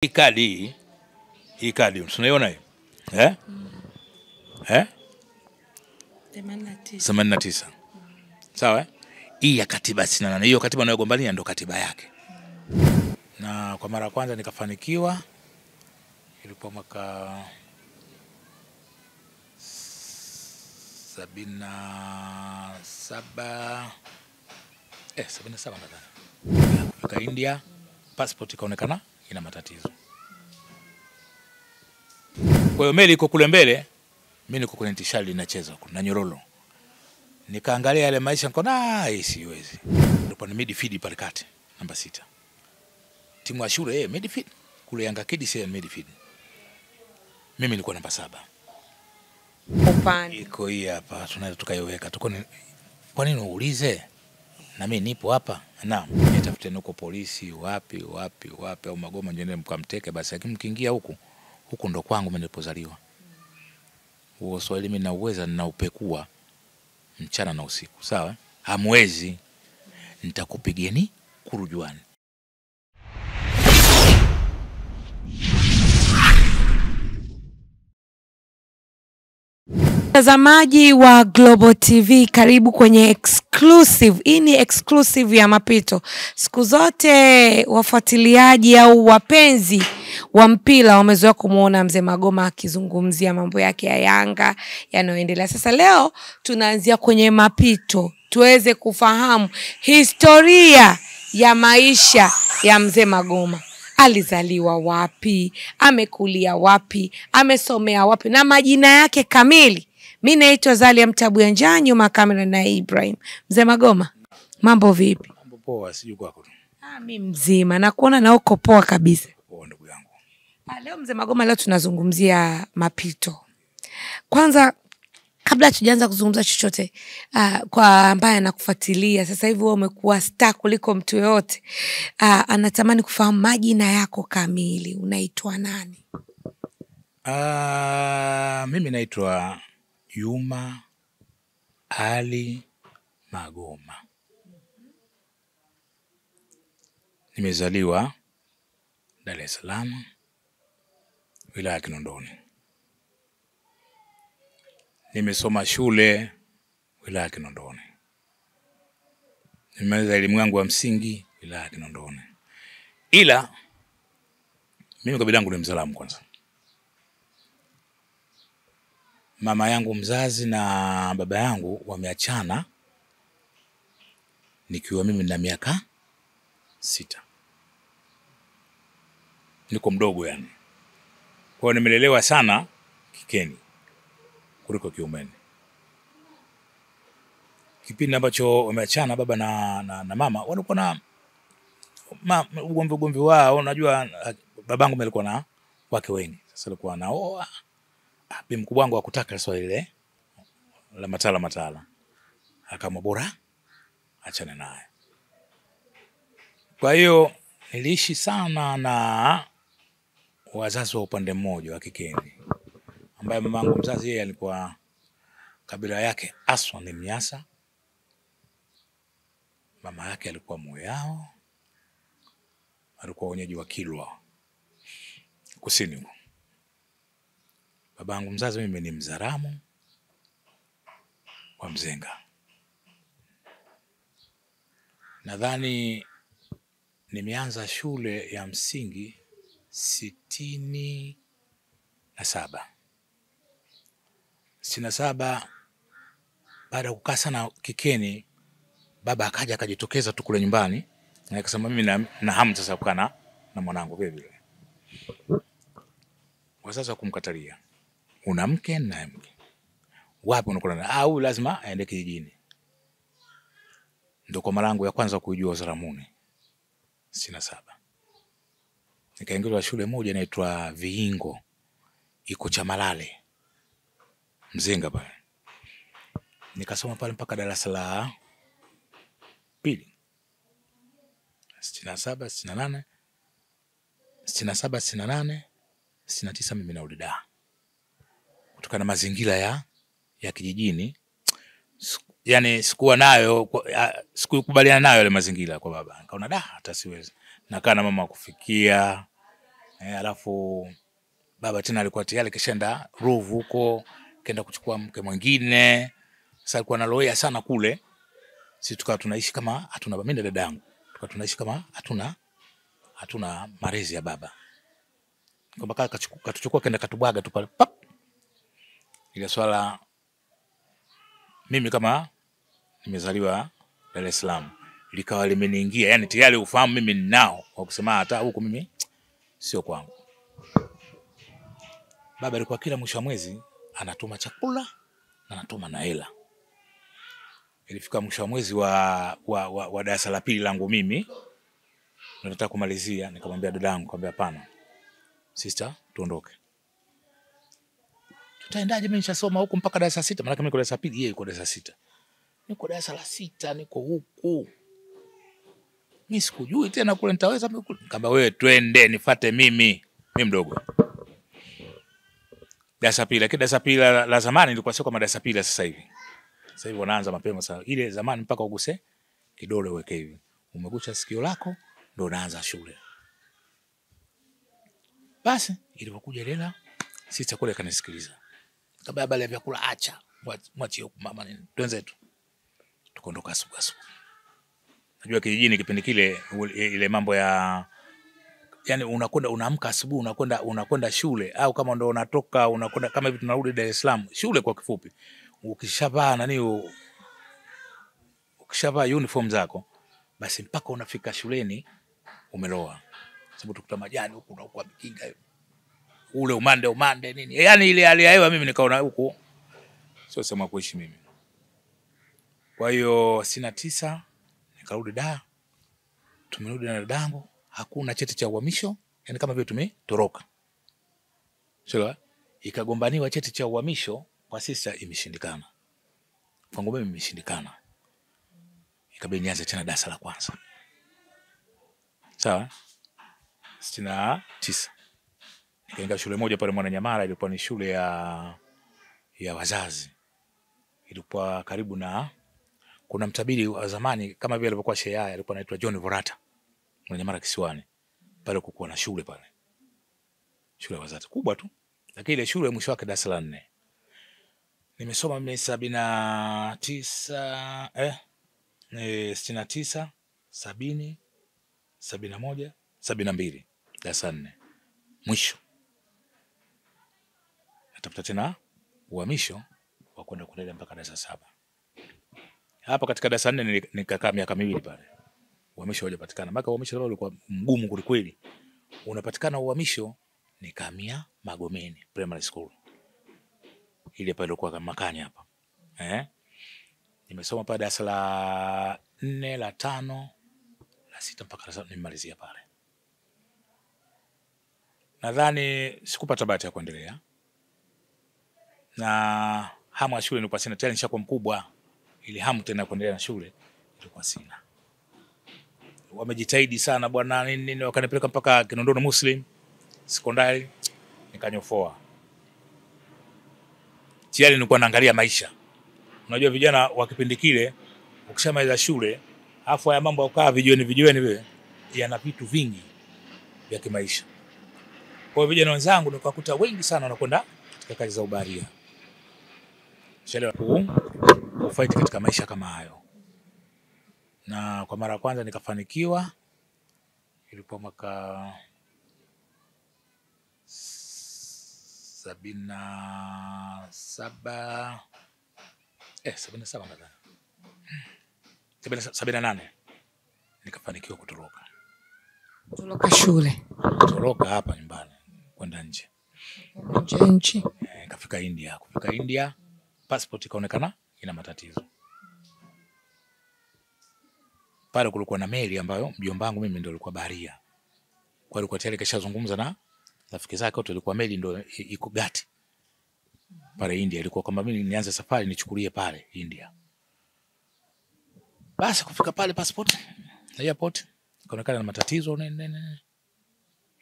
Hii kadi hii kadi tunaiona eh? Mm. Eh? 89 mm. Sawa eh? Hii ya katiba 68 hiyo katiba anayogombania ndo katiba yake mm. Na kwa mara ya kwanza nikafanikiwa, ilikuwa mwaka sabini na saba eh, sabini na saba nadhani kufika India, passport ikaonekana ina matatizo. Kwa hiyo meli iko kule mbele, mimi niko kwenye tishali nacheza na nyororo, nikaangalia yale maisha nikaona hii siwezi. Ndipo ni midfield pale kati namba sita, timu ya shule eh, midfield kule Yanga Kids eh, midfield. Mimi nilikuwa namba saba upande iko hii hapa tunaweza tukaiweka tuko. Kwa nini uulize? na mimi nipo hapa naam, nitafuteni huko polisi wapi wapi wapi, au Magoma ndio mkamteke basi, lakini mkiingia huku huku ndo kwangu mimi nilipozaliwa. Huo Swahili mimi nauweza, upekua mchana na usiku, sawa? Hamwezi, nitakupigeni kurujuani. Mtazamaji wa Global TV, karibu kwenye exclusive. Hii ni exclusive ya Mapito. Siku zote wafuatiliaji au wapenzi wa mpira wamezoea kumwona mzee Magoma akizungumzia mambo yake ya Yanga yanayoendelea. Sasa leo tunaanzia kwenye Mapito tuweze kufahamu historia ya maisha ya mzee Magoma alizaliwa wapi, amekulia wapi, amesomea wapi na majina yake kamili Mi naitwa Zalia Mtabu ya Njaa, nyuma kamera na Ibrahim mzee Magoma. Mambo vipi? Mambo poa, sijui kwako. Ah, mi mzima na kuona na uko poa kabisa. Poa ndugu yangu. Ah, leo mzee Magoma, leo tunazungumzia mapito. Kwanza kabla tujaanza kuzungumza chochote uh, kwa ambaye anakufuatilia sasa hivi wewe umekuwa star kuliko mtu yoyote uh, anatamani kufahamu majina yako kamili unaitwa nani uh, mimi naitwa Juma Ali Magoma. Nimezaliwa Dar es Salaam, wilaya ya Kinondoni. Nimesoma shule wilaya ya Kinondoni. Nimemaliza elimu yangu ya msingi wilaya ya Kinondoni, ila mimi kabila yangu ni Mzalamu kwanza mama yangu mzazi na baba yangu wameachana nikiwa mimi na miaka sita, niko mdogo yani. Kwa hiyo nimelelewa sana kikeni kuliko kiumeni. Kipindi ambacho wameachana baba na, na, na mama walikuwa na ma, ugomvi ugomvi wao, unajua babangu alikuwa na wake wengi, sasa alikuwa anaoa oh, bi mkubwa wangu akutaka swali lile la matala matala, akama bora achane naye. Kwa hiyo niliishi sana na wazazi wa upande mmoja wa kikeni ambaye mamangu mzazi yeye alikuwa kabila yake aswa ni Mnyasa, mama yake alikuwa Muyao, alikuwa wenyeji wa Kilwa kusini huko babangu mzazi mimi ni Mzaramu wa Mzenga. Nadhani nimeanza shule ya msingi sitini na saba sitini na saba baada ya kukaa sana kikeni, baba akaja akajitokeza tu kule nyumbani akasema mimi na, na hamu sasa kukaa na mwanangu vile vile, wa sasa kumkatalia una mke na mke wapi unakutana au ah, lazima aende kijijini. Ndo kwa mara yangu ya kwanza kuijua zaramuni sina saba, nikaingizwa shule moja inaitwa Viingo, iko Chamalale Mzinga pale, nikasoma pale mpaka darasa la pili sitini na saba sitini na nane sitini na saba sitini na nane sitini na tisa mimi naulida kutokana na mazingira ya ya kijijini yani sikuwa nayo sikukubaliana nayo yale mazingira kwa baba nikaona da hata siwezi nakaa na mama kufikia eh, alafu baba tena alikuwa tayari kishaenda Ruvu huko kenda kuchukua mke mwingine sasa alikuwa analoea sana kule si tukawa tunaishi kama hatuna baba, mimi na dada yangu tukawa tunaishi kama hatuna hatuna malezi ya baba kwamba kaka katuchukua kenda katubwaga tu pale pap ile swala, mimi kama nimezaliwa Dar es Salaam likawa limeniingia, yani tayari ufahamu mimi ninao kwa kusema hata huku mimi sio kwangu. Baba alikuwa kila mwisho wa mwezi anatuma chakula na anatuma na hela. Ilifika mwisho wa mwezi wa, wa, wa, wa darasa la pili langu mimi nataka kumalizia, nikamwambia dadangu, nikamwambia hapana sister, tuondoke taendaje? Mimi nishasoma huku mpaka darasa sita, maana mimi darasa pili, yeye yuko darasa sita, niko darasa la sita, niko huku mimi sikujui tena kule nitaweza. Kamba wewe, twende nifate mimi, mi mdogo darasa pili, lakini darasa pili la, la zamani ilikuwa sio kama darasa pili sasa hivi. Sasa hivi wanaanza mapema sana. Ile zamani mpaka uguse kidole uweke hivi, umegusha sikio lako ndo unaanza shule. Basi ilipokuja Lela, sista kule kanisikiliza, kabla ya vyakula, acha mwachie mama nini, twenzetu. asubuhi asubuhi. Najua kijijini kipindi kile ile mambo ya yani unakwenda unaamka asubuhi unakwenda unakwenda shule au kama ndo unatoka unakwenda kama hivi tunarudi Dar es Salaam shule kwa kifupi, ukishavaa nani, ukishavaa uniform zako basi mpaka unafika shuleni umeloa, sababu tukuta majani na ule umande umande nini, yani ile hali ya hewa mimi nikaona huku sio sema kuishi mimi. Kwa hiyo sina tisa nikarudi da, tumerudi na dadangu, hakuna cheti cha uhamisho, yani kama vile tumetoroka sio ikagombaniwa cheti cha uhamisho kwa sisa, imeshindikana kwangu mimi, imeshindikana ikabidi nianze tena darasa la kwanza, sawa, sitini na tisa nikaenda shule moja pale Mwananyamala, ilikuwa ni shule ya ya wazazi, ilikuwa karibu na kuna mtabiri wa zamani kama vile alivyokuwa Sheyaya, alikuwa anaitwa John Vorata Mwananyamala Kisiwani. Pale kukuwa na shule pale, shule ya wazazi kubwa tu, lakini ile shule mwisho wake darasa la nne nimesoma mimi sabini na tisa eh, e, sitini na tisa sabini sabini na moja sabini na mbili darasa nne mwisho atafuta tena uhamisho wa kwenda kulelea mpaka darasa saba. Hapa katika darasa nne nikakaa miaka miwili pale, uhamisho haujapatikana, Maka uhamisho ulikuwa mgumu kulikweli. Unapatikana uhamisho nikamia Magomeni Primary School ile pale ilikuwa kama Makani hapa eh? Nimesoma pale darasa la nne la tano la sita mpaka la nimemalizia pale. Nadhani sikupata bahati ya kuendelea na hamu ya shule nilikuwa sina, tayari nishakuwa mkubwa, ili hamu tena kuendelea na shule nilikuwa sina. Wamejitahidi sana bwana nini nini, wakanipeleka mpaka Kinondoni Muslim sekondari nikanyofoa. Tayari nilikuwa naangalia maisha. Unajua vijana wa kipindi kile ukishamaliza shule afu haya mambo ukaa vijiweni vijiweni wewe yana vitu vingi vya kimaisha. Kwa hiyo vijana wenzangu nikakuta wengi sana wanakwenda katika kazi za ubaharia. Chelewa kufight katika maisha kama hayo, na kwa mara ya kwanza nikafanikiwa, ilikuwa mwaka sabini na saba eh, sabini na saba nadhani sabini na nane nikafanikiwa kutoroka kutoroka shule kutoroka hapa nyumbani kwenda nje nje nchi, eh, nikafika India. Kufika India passport ikaonekana ina matatizo. Pale kulikuwa na meli ambayo mjomba wangu mimi ndio alikuwa baharia, kwa alikuwa tayari kashazungumza na rafiki zake wote, ilikuwa meli ndio iko gati pale India, ilikuwa kwamba mimi nianze safari nichukulie pale India. Basi kufika pale passport airport ikaonekana na matatizo nene, nene.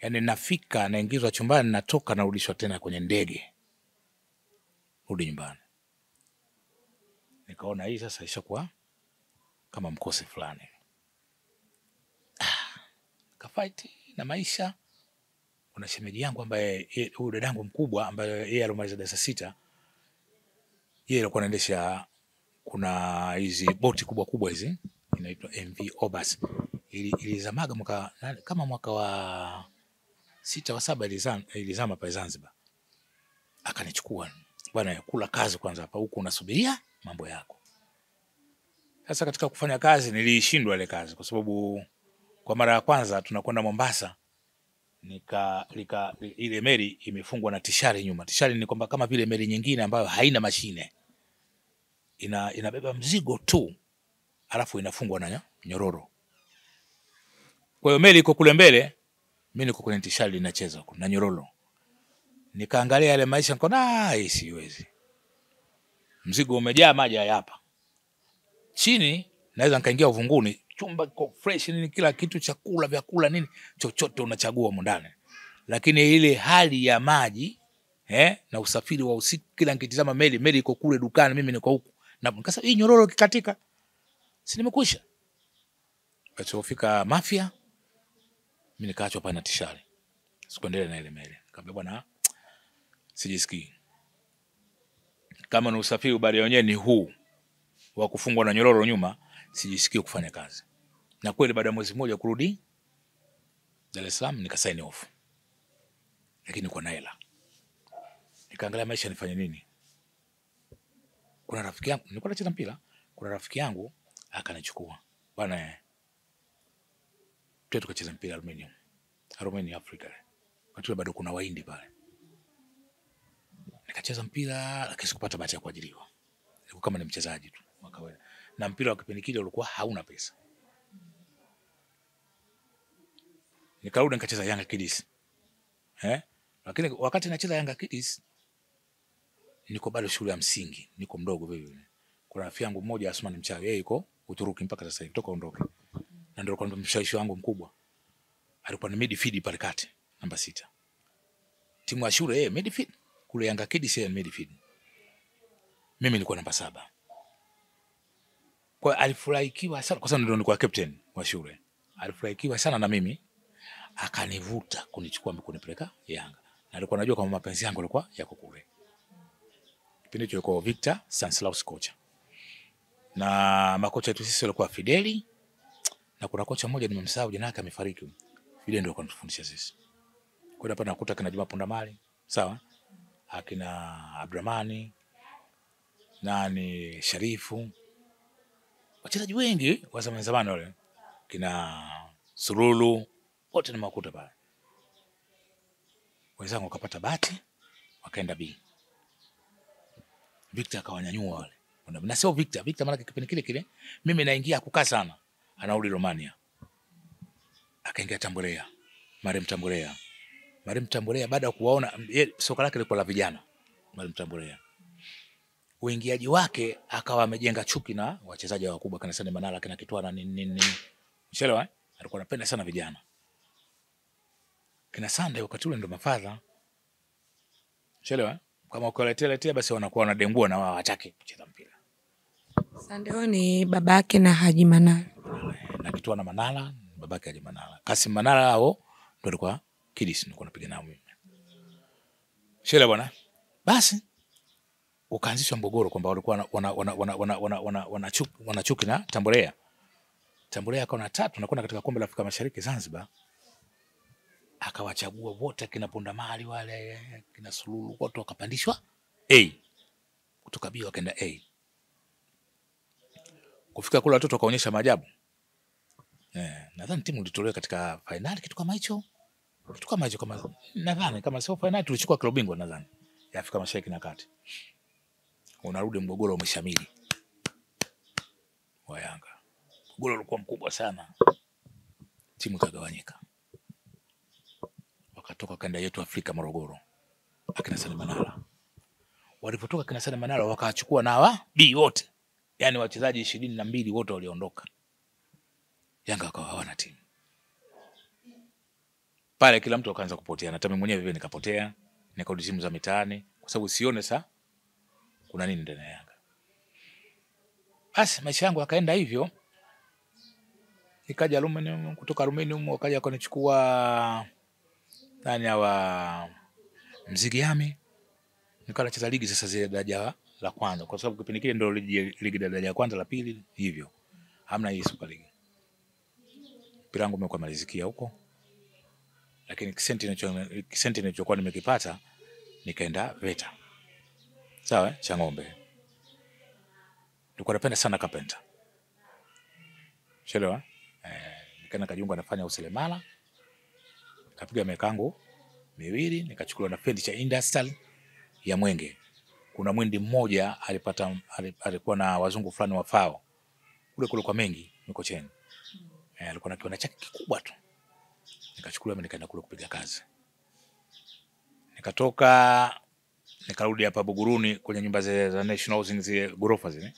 Yani nafika naingizwa chumbani, natoka narudishwa tena kwenye ndege, rudi nyumbani nikaona hii sasa ishakuwa kama mkosi fulani. Ah, kafight na maisha. Kuna shemeji yangu ambaye huyu dadangu mkubwa ambaye yeye alimaliza darasa sita, yeye alikuwa anaendesha kuna hizi boti kubwa kubwa hizi inaitwa MV Obas ilizamaga mwaka kama mwaka wa sita wa saba ilizama, ilizama pale Zanzibar, akanichukua bwana, kula kazi kwanza hapa, huku unasubiria mambo yako. Sasa katika kufanya kazi nilishindwa ile kazi, kwa sababu kwa mara ya kwanza tunakwenda Mombasa nika, lika, ile meli imefungwa na tishari nyuma. Tishari ni kwamba kama vile meli nyingine ambayo haina mashine ina, inabeba mzigo tu alafu inafungwa na nyororo. Kwa hiyo meli iko kule mbele, mimi niko kwenye tishari linacheza na nyororo. Nikaangalia yale maisha nikaona siwezi mzigo umejaa, maji hayapa chini, naweza nikaingia uvunguni, chumba kiko fresh, nini, kila kitu, chakula, vyakula, nini, chochote unachagua humo ndani, lakini ile hali ya maji eh, na usafiri wa usiku, kila nkitizama meli, meli iko kule dukani, mimi niko huku, na nikasema hii nyororo ikikatika, si nimekwisha. Kachofika Mafia, mi nikaachwa pana tishari, sikuendele na ile meli, kaambia bwana, sijisikii kama ni usafiri, ubaria wenyewe ni huu wa kufungwa na nyororo nyuma, sijisikii kufanya kazi. Na kweli baada ya mwezi mmoja kurudi Dar es Salaam nika sign off, lakini kwa naela nikaangalia maisha nifanye nini. Kuna rafiki yangu nilikuwa nacheza mpira, kuna rafiki yangu akanichukua bwana, tuwe tukacheza mpira Armenia, Armenia Africa, wakati bado kuna waindi pale nikacheza mpira lakini sikupata bahati ya kuajiriwa. Nilikuwa kama ni mchezaji tu wa kawaida, na mpira wa kipindi kile ulikuwa hauna pesa. Nikarudi nikacheza Yanga Kids eh? Lakini wakati nacheza Yanga Kids niko bado shule ya msingi, niko mdogo vile vile. Kuna rafiki yangu mmoja Asman Mchawi, yeye yuko Uturuki mpaka sasa hivi, toka ondoke, na ndio kwa mshawishi wangu mkubwa. Alikuwa ni midfield pale kati namba sita, timu ya shule yeye midfield kule Yanga Kids ya midfield. Mimi nilikuwa namba saba. Kwa alifurahikiwa sana kwa sababu ndio nilikuwa captain wa shule. Alifurahikiwa sana na mimi akanivuta kunichukua mimi kunipeleka Yanga. Na alikuwa anajua kama mapenzi yangu yalikuwa yako kule. Kipindi hicho kwa Victor Sanslaus kocha. Na makocha wetu sisi walikuwa Fideli na kuna kocha mmoja nimemsahau jina lake amefariki. Fideli ndio alikuwa anatufundisha sisi. Kwa hiyo hapa nakuta kina Juma Punda Mali, sawa? akina Abdurahmani nani Sharifu, wachezaji wengi wa zamani zamani wale kina Sululu wote makuta pale. Wenzangu wakapata bati wakaenda B. Victor akawanyanyua wale na sio Victor. Victor maana kipindi kile kile mimi naingia kukaa sana, anarudi Romania, akaingia Tambolea, Mariam Tambwelea Mwalimu Tambulea baada ya kuwaona soka lake lilikuwa la vijana. Mwalimu Tambulea uingiaji wake akawa amejenga chuki na wachezaji wakubwa kana sana Manara kana Kitwa na nini nini. Umeelewa? Eh? Alikuwa anapenda sana vijana. Kina Sunday wakati ule ndo mafadha. Umeelewa? Eh? Kama ukiwaletea letea basi wanakuwa wanadengua na wao hawataki kucheza mpira. Sunday huyo ni babake na Haji Manara. Na Kitwa na Manara, babake Haji Manara. Kasim Manara hao ndo alikuwa nilikuwa napiga nao mimi shela bwana basi ukaanzishwa mgogoro kwamba walikuwa wana chuki na tamborea tamborea akawa na tatu nakwenda katika kombe la afrika mashariki zanzibar akawachagua wote akina pundamali wale akina sululu wote wakapandishwa a kutoka b wakaenda a kufika kule watoto wakaonyesha maajabu eh, nadhani timu ilitolewa katika fainali kitu kama hicho kitu kama hicho, kama nadhani kama sio fainali tulichukua klabu bingwa nadhani ya Afrika Mashariki na Kati. Unarudi mgogoro umeshamili wa Yanga, mgogoro ulikuwa mkubwa sana, timu ikagawanyika, wakatoka kanda yetu Afrika Morogoro, akina Sani Manara walipotoka kina Sani Manara wakachukua na wa B wote, yani wachezaji ishirini na mbili wote waliondoka, Yanga wakawa hawana timu pale kila mtu akaanza kupotea, na mimi mwenyewe nikapotea, nikarudi simu za mitaani, kwa sababu sione sa kuna nini ndani ya Yanga. Basi maisha yangu akaenda hivyo, nikaja Aluminium, kutoka Aluminium wakaja kunichukua nani hawa mziki Yami, nikawa nacheza ligi sasa zile daraja la kwanza, kwa sababu kipindi kile ndio ligi, ligi daraja la kwanza la pili, hivyo hamna hii super ligi. Mpira wangu umekuwa malizikia huko lakini kisenti nilichokuwa nimekipata nikaenda VETA, sawa, cha ng'ombe. Nilikuwa napenda sana kapenta, shelewa eh, nikaenda kajiunga nafanya useremala, miaka yangu miwili, nikachukuliwa na pendi cha industrial ya Mwenge. Kuna mwindi mmoja alipata, alikuwa na wazungu fulani wa FAO kule kule kwa mengi Mikocheni, eh, alikuwa na kiwanda chake kikubwa tu nikachukuliwa nikaenda kule kupiga kazi. Nikatoka nikarudi hapa Buguruni kwenye nyumba za National Housing zile ghorofa zile.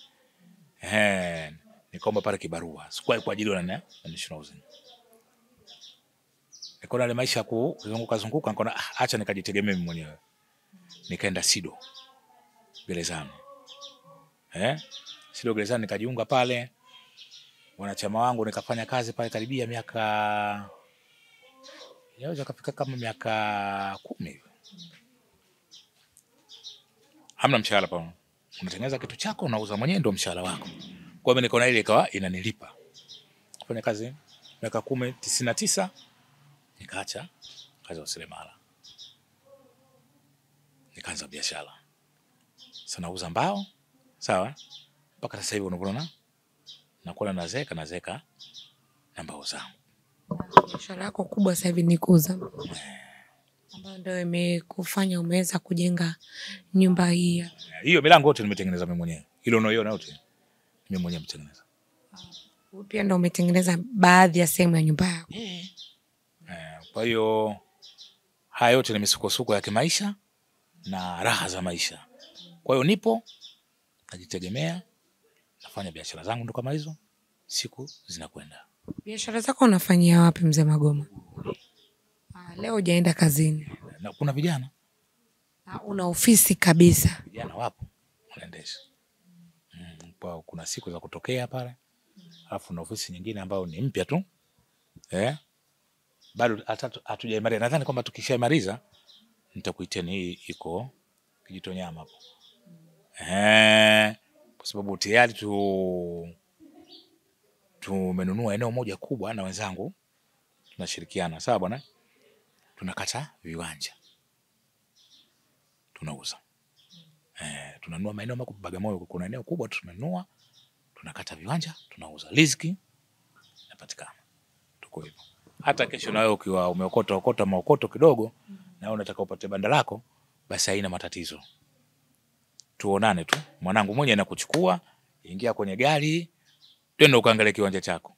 Eh, nikaomba pale kibarua. kwa ajili ya National Housing. Nikaona ile maisha kuzunguka zunguka, nikaona ah, acha nikajitegemea mimi mwenyewe. Nikaenda Sido gerezani. Eh? Sido gerezani nikajiunga pale wanachama wangu, nikafanya kazi pale karibia miaka yaweza kafika kama miaka kumi hivi. Hamna mshahara pa, unatengeneza kitu chako unauza mwenyewe, ndio mshahara wako. Kwa hiyo niko na ile ikawa inanilipa kufanya kazi miaka kumi tisini na tisa nikaacha kazi ya useremala, nikaanza biashara sasa, nauza mbao sawa, mpaka sasa hivi unavyoona nakula, nazeeka nazeeka na mbao zangu Biashara yako kubwa sasa hivi ni kuuza ambayo ndio imekufanya umeweza kujenga nyumba hii. Hiyo milango yote nimetengeneza mimi mwenyewe, hilo unaiona yote mimi mwenyewe mtengeneza. Pia ndio umetengeneza baadhi ya sehemu ya nyumba yako. Eh, kwa hiyo haya yote ni misukosuko ya kimaisha na raha za maisha. Kwa hiyo nipo najitegemea, nafanya biashara zangu ndo kama hizo, siku zinakwenda. Biashara zako unafanyia wapi mzee Magoma? Ah, leo ujaenda kazini. Na kuna vijana na ah, una ofisi kabisa. vijana wapo wanaendesha mm, kwa kuna siku za kutokea pale, alafu na ofisi nyingine ambayo ni mpya tu eh, bado hata hatujaimaliza. Nadhani kwamba tukishaimaliza nitakuiteni, hii iko Kijitonyama hapo eh, kwa sababu tayari tu tumenunua eneo moja kubwa na wenzangu tunashirikiana, sawa bwana, tunakata viwanja tunauza eh, tunanua maeneo makubwa Bagamoyo, kuna eneo kubwa tumenunua, tunakata viwanja tunauza, riziki inapatikana. Tuko hivyo, hata kesho nawe ukiwa umeokota okota maokoto kidogo mm -hmm. na unataka upate banda lako, basi haina matatizo, tuonane tu, mwanangu mwenye anakuchukua, ingia kwenye gari twende ukaangalia kiwanja chako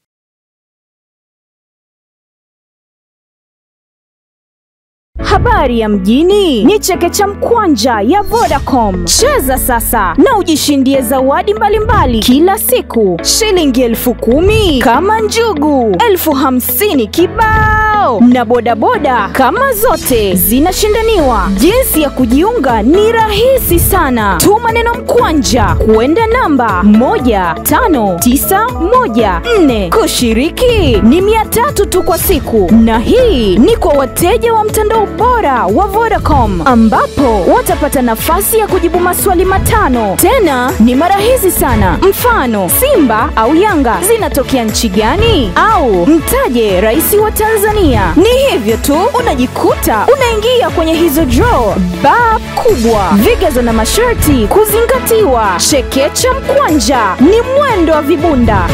Habari ya mjini ni chekecha mkwanja ya Vodacom. Cheza sasa na ujishindie zawadi mbalimbali kila siku, shilingi elfu kumi kama njugu, elfu hamsini kibaa leo na bodaboda kama zote zinashindaniwa. Jinsi ya kujiunga ni rahisi sana, tuma neno mkwanja kwenda namba 15914. Kushiriki ni mia tatu tu kwa siku, na hii ni kwa wateja wa mtandao bora wa Vodacom ambapo watapata nafasi ya kujibu maswali matano, tena ni marahisi sana. Mfano, Simba au Yanga zinatokea nchi gani? Au mtaje rais wa Tanzania kufanya. Ni hivyo tu, unajikuta unaingia kwenye hizo draw ba kubwa, vigezo na masharti kuzingatiwa. Chekecha mkwanja ni mwendo wa vibunda.